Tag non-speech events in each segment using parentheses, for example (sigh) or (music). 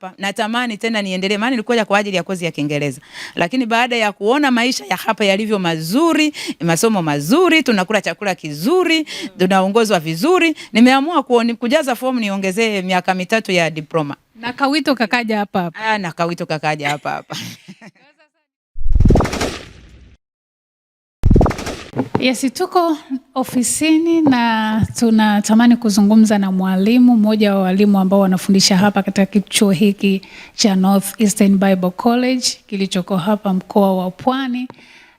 hapa natamani tena niendelee, maana nilikuja kwa ajili ya kozi ya Kiingereza, lakini baada ya kuona maisha ya hapa yalivyo mazuri, masomo mazuri, tunakula chakula kizuri, tunaongozwa vizuri, nimeamua kujaza fomu niongezee miaka mitatu ya diploma. Na kawito kakaja hapa hapa. Ah, na kawito kakaja hapa hapa (laughs) Yes, tuko ofisini na tunatamani kuzungumza na mwalimu mmoja wa walimu ambao wanafundisha hapa katika kichuo hiki cha North Eastern Bible College kilichoko hapa mkoa wa Pwani,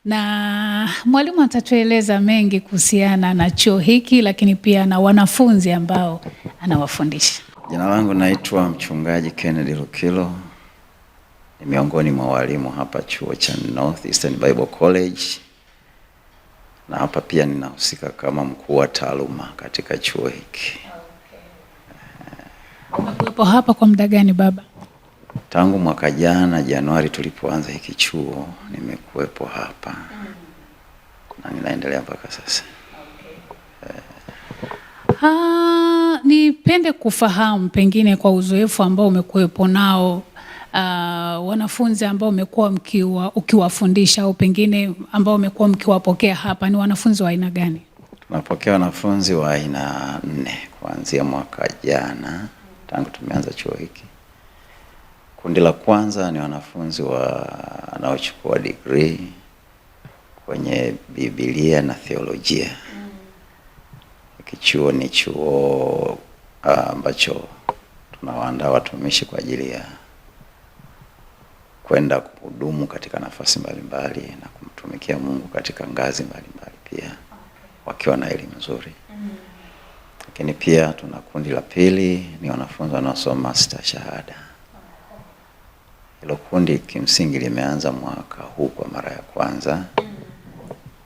na mwalimu atatueleza mengi kuhusiana na chuo hiki, lakini pia na wanafunzi ambao anawafundisha. Jina langu naitwa mchungaji Kennedy Lukilo, ni miongoni mwa walimu hapa chuo cha North Eastern Bible College na hapa pia ninahusika kama mkuu wa taaluma katika chuo hiki. Okay. hapa kwa muda gani baba? Tangu mwaka jana Januari tulipoanza hiki chuo nimekuwepo hapa mm. na ninaendelea mpaka sasa. Okay. Eh. nipende kufahamu pengine kwa uzoefu ambao umekuwepo nao uh, wanafunzi ambao umekuwa mkiwa ukiwafundisha au pengine ambao umekuwa mkiwapokea hapa ni wanafunzi wa aina gani? Tunapokea wanafunzi wa aina nne kuanzia mwaka jana tangu tumeanza chuo hiki. Kundi la kwanza ni wanafunzi wanaochukua degree kwenye Biblia na theolojia. Hiki chuo ni chuo uh, ambacho tunawaandaa watumishi kwa ajili ya kwenda kuhudumu katika nafasi mbalimbali mbali, na kumtumikia Mungu katika ngazi mbalimbali mbali pia wakiwa na elimu nzuri mm. Lakini pia tuna kundi la pili ni wanafunzi wanaosoma stashahada. Hilo kundi kimsingi limeanza mwaka huu kwa mara ya kwanza.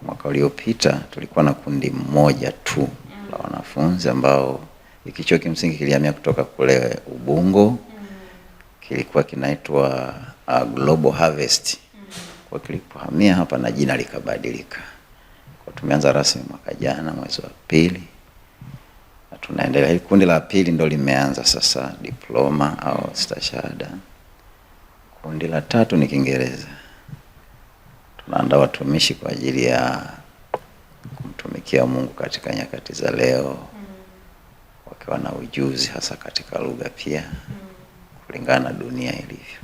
Mwaka uliopita tulikuwa na kundi mmoja tu la wanafunzi ambao ikicho kimsingi kilihamia kutoka kule Ubungo, kilikuwa kinaitwa uh, Global Harvest kwa kilipohamia hapa na jina likabadilika. Kwa tumeanza rasmi mwaka jana mwezi wa pili na tunaendelea. Kundi la pili ndo limeanza sasa diploma au stashahada. Kundi la tatu ni Kiingereza. Tunaandaa watumishi kwa ajili ya kumtumikia Mungu katika nyakati za leo wakiwa na ujuzi hasa katika lugha pia kulingana na dunia ilivyo.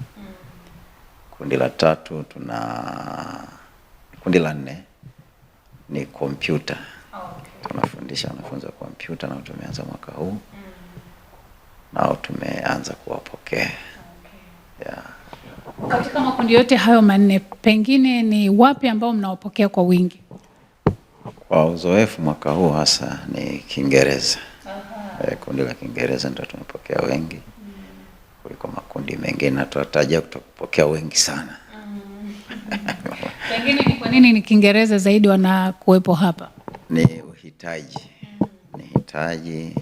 Kundi la tatu tuna kundi la nne ni kompyuta. Oh, okay. Tunafundisha wanafunzi wa kompyuta nao tumeanza mwaka huu mm. Nao tumeanza kuwapokea. Okay. Yeah. Katika makundi yote hayo manne, pengine ni wapi ambao mnawapokea kwa wingi? Kwa uzoefu mwaka huu hasa ni Kiingereza. Eh, kundi la Kiingereza ndio tumepokea wengi kuliko makundi mengine, tuwataja kutopokea wengi sana mm. (laughs) Pengine ni kwa nini ni Kiingereza zaidi wanakuwepo hapa? Ni uhitaji ni hitaji.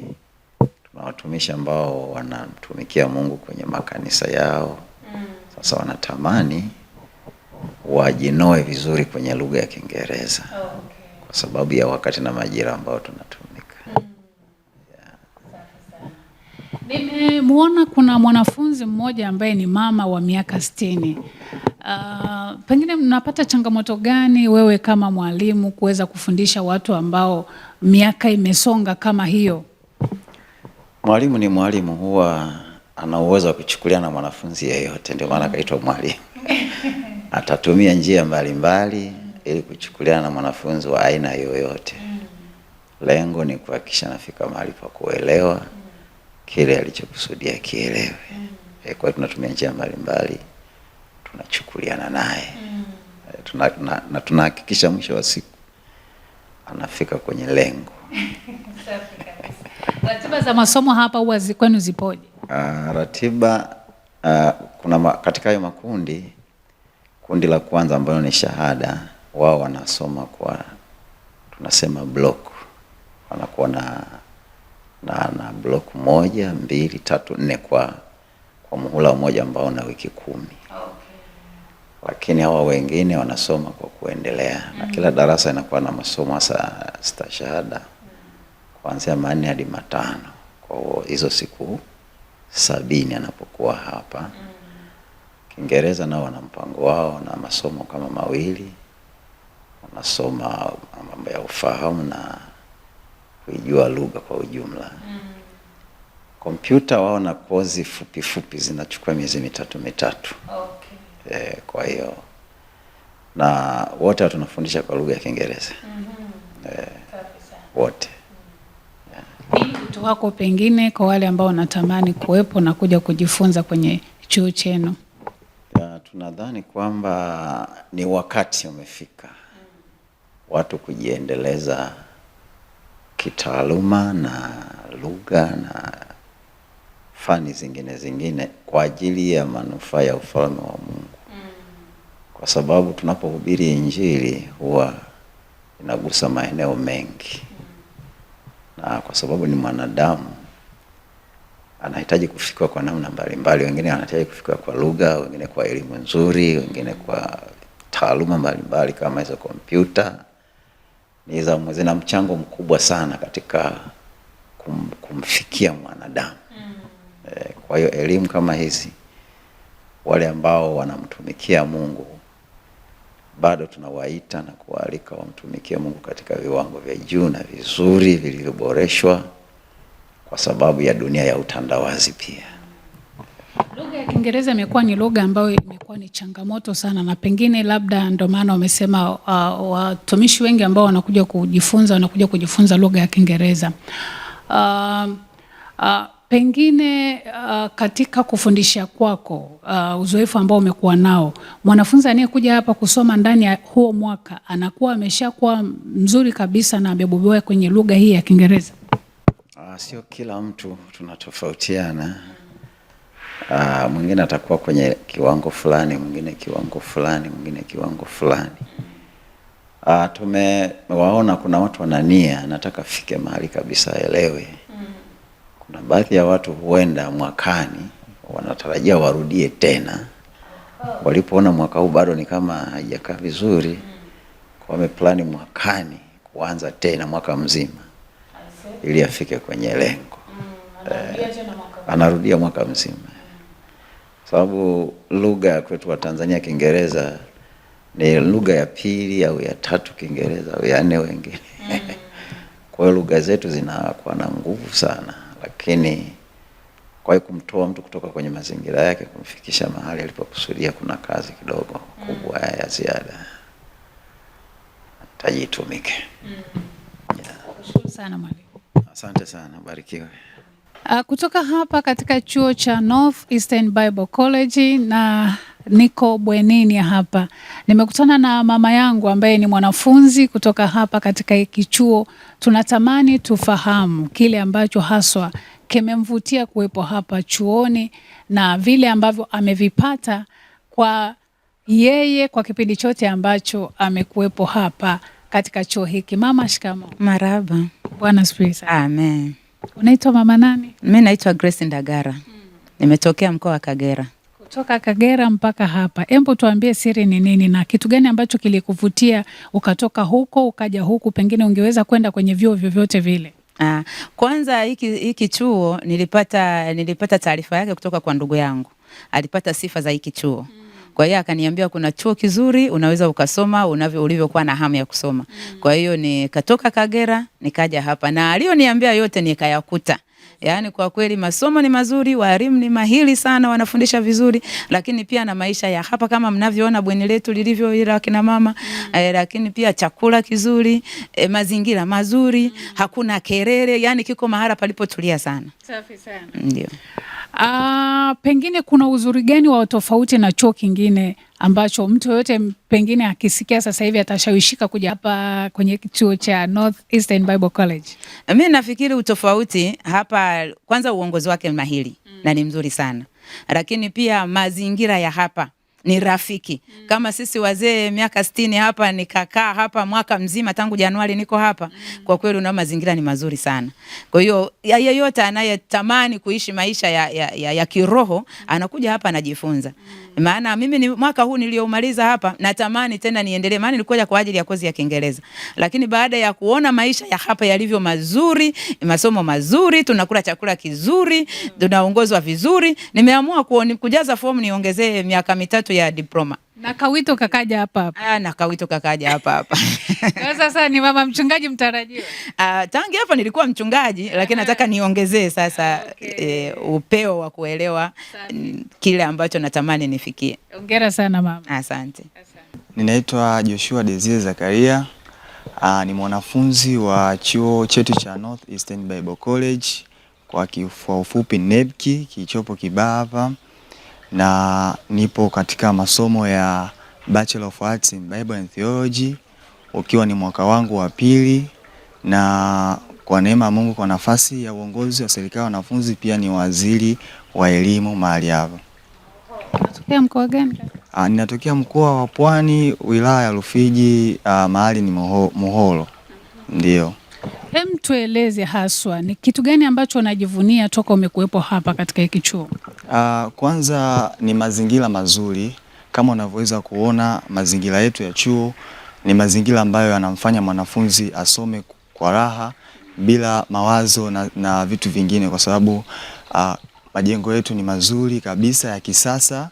Tuna watumishi ambao wanamtumikia Mungu kwenye makanisa yao mm. Sasa wanatamani wajinoe vizuri kwenye lugha ya Kiingereza oh, okay. kwa sababu ya wakati na majira ambao tunatumia Nimemwona kuna mwanafunzi mmoja ambaye ni mama wa miaka sitini. Uh, pengine mnapata changamoto gani wewe kama mwalimu kuweza kufundisha watu ambao miaka imesonga kama hiyo? Mwalimu ni mwalimu, huwa ana uwezo wa kuchukulia na mwanafunzi yeyote, ndio maana akaitwa mwalimu. (laughs) Atatumia njia mbalimbali ili kuchukuliana na mwanafunzi wa aina yoyote. Mm. Lengo ni kuhakikisha nafika mahali pa kuelewa kile alichokusudia kielewe. mm. E, kwa hiyo tunatumia njia mbalimbali, tunachukuliana naye mm. e, tuna, na, na tunahakikisha mwisho wa siku anafika kwenye lengo. (laughs) Ratiba za masomo hapa huwa kwenu zipoje? Uh, ratiba uh, kuna ma, katika hayo makundi, kundi la kwanza ambalo ni shahada, wao wanasoma kwa tunasema block, wanakuwa na na ana block moja mbili tatu nne kwa kwa muhula mmoja ambao na wiki kumi. Okay. Lakini hawa wengine wanasoma kwa kuendelea mm -hmm. na kila darasa inakuwa na masomo hasa stashahada mm -hmm. kuanzia manne hadi matano kwa hizo siku sabini anapokuwa hapa mm -hmm. Kiingereza nao wana mpango wao na masomo kama mawili wanasoma mambo ya ufahamu na kuijua lugha kwa ujumla. Mm. Kompyuta wao na kozi fupi fupi zinachukua miezi mitatu mitatu. Okay. E, kwa hiyo na wote tunafundisha kwa lugha ya Kiingereza. Mm-hmm. Eh, mm -hmm. E, wote wito yeah. wako pengine kwa wale ambao wanatamani kuwepo na kuja kujifunza kwenye chuo chenu? Tunadhani kwamba ni wakati umefika mm. watu kujiendeleza kitaaluma na lugha na fani zingine zingine kwa ajili ya manufaa ya ufalme wa Mungu mm. Kwa sababu tunapohubiri Injili huwa inagusa maeneo mengi mm. Na kwa sababu ni mwanadamu anahitaji kufikiwa kwa namna mbalimbali. Wengine wanahitaji kufikiwa kwa lugha, wengine kwa elimu nzuri, wengine kwa taaluma mbalimbali kama hizo kompyuta ni za zina mchango mkubwa sana katika kum, kumfikia mwanadamu mm. E, kwa hiyo elimu kama hizi wale ambao wanamtumikia Mungu bado tunawaita na kuwaalika wamtumikie Mungu katika viwango vya juu na vizuri vilivyoboreshwa kwa sababu ya dunia ya utandawazi pia. Kiingereza imekuwa ni lugha ambayo imekuwa ni changamoto sana, na pengine labda ndio maana wamesema uh, watumishi wengi ambao wanakuja kujifunza wanakuja kujifunza lugha ya Kiingereza uh, uh, pengine uh, katika kufundisha kwako uh, uzoefu ambao umekuwa nao, mwanafunzi anayekuja hapa kusoma ndani ya huo mwaka anakuwa ameshakuwa mzuri kabisa na amebobea kwenye lugha hii ya Kiingereza? Uh, sio kila mtu tunatofautiana uh, mwingine atakuwa kwenye kiwango fulani, mwingine kiwango fulani, mwingine kiwango fulani. Uh, tumewaona kuna watu wanania, nataka anataka afike mahali kabisa aelewe. Mm. Kuna baadhi ya watu huenda mwakani wanatarajia warudie tena, oh. walipoona mwaka huu bado ni kama haijakaa vizuri, mm. wameplani mwakani kuanza tena mwaka mzima ili afike kwenye lengo. Mm, eh, anarudia mwaka mzima sababu lugha ya kwetu wa Tanzania Kiingereza ni lugha ya pili au ya tatu Kiingereza au ya nne wengine mm. (laughs) Kwa hiyo lugha zetu zinakuwa na nguvu sana, lakini kwa hiyo kumtoa mtu kutoka kwenye mazingira yake kumfikisha mahali alipokusudia, kuna kazi kidogo kubwa mm. ya ziada taji mm. yeah. Asante sana, barikiwe. Uh, kutoka hapa katika chuo cha North Eastern Bible College na niko bwenini hapa, nimekutana na mama yangu ambaye ni mwanafunzi kutoka hapa katika hiki chuo. Tunatamani tufahamu kile ambacho haswa kimemvutia kuwepo hapa chuoni na vile ambavyo amevipata kwa yeye kwa kipindi chote ambacho amekuwepo hapa katika chuo hiki. Mama, shikamo. Maraba. Bwana asifiwe. Amen. Unaitwa mama nani? Mimi naitwa Grace Ndagara. Hmm. Nimetokea mkoa wa Kagera. Kutoka Kagera mpaka hapa, hebu tuambie siri ni nini na kitu gani ambacho kilikuvutia ukatoka huko ukaja huku, pengine ungeweza kwenda kwenye vyuo vyovyote vile? Aa, ah, kwanza hiki hiki chuo nilipata nilipata taarifa yake kutoka kwa ndugu yangu, alipata sifa za hiki chuo. Hmm. Kwa hiyo akaniambia kuna chuo kizuri unaweza ukasoma unavyo ulivyokuwa na hamu ya kusoma. Mm. Kwa hiyo nikatoka Kagera nikaja hapa na alioniambia yote nikayakuta. Yaani kwa kweli masomo ni mazuri, walimu ni mahiri sana, wanafundisha vizuri, lakini pia na maisha ya hapa kama mnavyoona bweni letu lilivyo ila kina mama mm. Eh, lakini pia chakula kizuri, eh, mazingira mazuri, mm. Hakuna kelele, yani kiko mahala palipotulia sana. Safi sana. Ndio. Aa, ah, pengine kuna uzuri gani wa tofauti na chuo kingine ambacho mtu yoyote pengine akisikia sasa hivi atashawishika kuja hapa kwenye chuo cha North Eastern Bible College? Mimi nafikiri utofauti hapa, kwanza uongozi wake mahiri mm, na ni mzuri sana, lakini pia mazingira ya hapa ni rafiki mm. Kama sisi wazee miaka sitini hapa nikakaa hapa mwaka mzima tangu Januari niko hapa mm. Kwa kweli na mazingira ni mazuri sana. Kwa hiyo yeyote anayetamani kuishi maisha ya, ya, ya, ya kiroho mm. anakuja hapa anajifunza mm. Maana mimi ni mwaka huu niliomaliza hapa natamani tena niendelee, maana nilikuja kwa ajili ya kozi ya Kiingereza, lakini baada ya kuona maisha ya hapa yalivyo mazuri, masomo mazuri, tunakula chakula kizuri mm. tunaongozwa vizuri, nimeamua kujaza fomu niongezee miaka mitatu ya diploma na kawito kakaja hapa hapa. Ah, na kawito kakaja hapa hapa. Kwa (laughs) sasa ni mama mchungaji mtarajiwa. Ah, tangi hapa nilikuwa mchungaji lakini nataka niongezee sasa okay. E, upeo wa kuelewa kile ambacho natamani nifikie. Hongera sana mama. Asante. Asante. Ninaitwa Joshua Desire Zakaria. Ah, ni mwanafunzi wa chuo chetu cha North Eastern Bible College kwa kifupi NEBC kilichopo Kibaha hapa na nipo katika masomo ya Bachelor of Arts in Bible and Theology ukiwa ni mwaka wangu wa pili, na kwa neema ya Mungu kwa nafasi ya uongozi wa serikali wanafunzi pia ni waziri wa elimu mahali hapo. Unatokea mkoa gani? Ah, ninatokea mkoa wa Pwani wilaya ya Rufiji, ah, mahali ni Muhoro. ndio Hem, tueleze haswa ni kitu gani ambacho unajivunia toka umekuwepo hapa katika hiki chuo? Uh, kwanza ni mazingira mazuri kama unavyoweza kuona mazingira yetu ya chuo ni mazingira ambayo yanamfanya mwanafunzi asome kwa raha bila mawazo na, na vitu vingine, kwa sababu uh, majengo yetu ni mazuri kabisa ya kisasa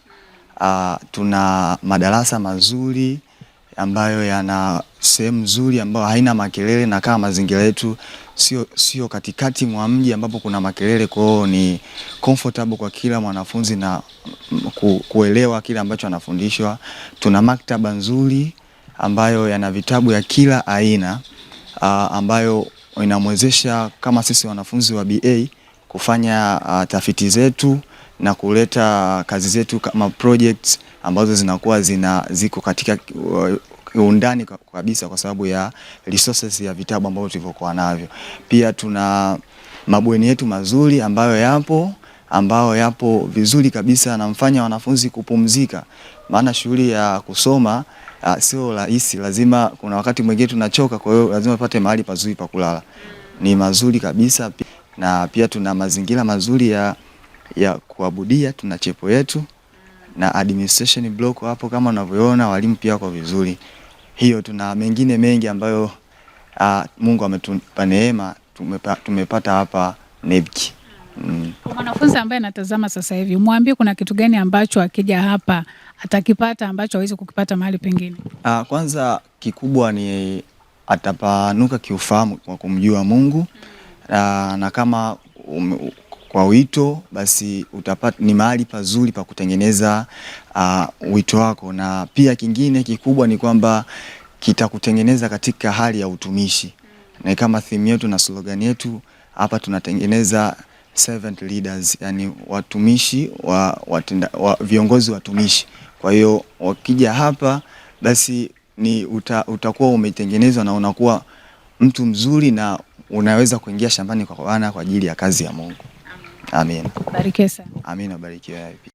uh, tuna madarasa mazuri ambayo yana sehemu nzuri ambayo haina makelele na kama mazingira yetu sio sio katikati mwa mji ambapo kuna makelele, kwao ni comfortable kwa kila mwanafunzi na ku, kuelewa kile ambacho anafundishwa. Tuna maktaba nzuri ambayo yana vitabu ya kila aina a, ambayo inamwezesha kama sisi wanafunzi wa BA kufanya a, tafiti zetu na kuleta kazi zetu kama projects ambazo zinakuwa zina ziko katika uh, undani kabisa kwa sababu ya resources ya vitabu ambavyo tulivyokuwa navyo. Pia tuna mabweni yetu mazuri ambayo yapo ambayo yapo vizuri kabisa, anamfanya wanafunzi kupumzika, maana shughuli ya kusoma uh, sio rahisi, lazima kuna wakati mwingine tunachoka, kwa hiyo lazima tupate mahali pazuri pa kulala, ni mazuri kabisa. Na pia tuna mazingira mazuri ya, ya kuabudia, tuna chepo yetu na administration block hapo kama unavyoona, walimu pia wako vizuri. Hiyo tuna mengine mengi ambayo a, ah, Mungu ametupa neema tumepa, tumepata hapa Nebki. Mm. Kwa mwanafunzi ambaye anatazama sasa hivi, mwambie kuna kitu gani ambacho akija hapa atakipata ambacho hawezi kukipata mahali pengine? Uh, kwanza kikubwa ni atapanuka kiufahamu kwa kumjua Mungu. Mm. Ah, Aa, na kama kwa wito basi utapata, ni mahali pazuri pa kutengeneza uh, wito wako, na pia kingine kikubwa ni kwamba kitakutengeneza katika hali ya utumishi, na kama theme yetu na slogan yetu hapa tunatengeneza servant leaders, yani watumishi wa, watenda, wa, viongozi watumishi. Kwa hiyo wakija hapa basi ni uta, utakuwa umetengenezwa na unakuwa mtu mzuri na unaweza kuingia shambani kwa Bwana kwa ajili ya kazi ya Mungu. Amin. barikiwe sana. Amina, barikiwe.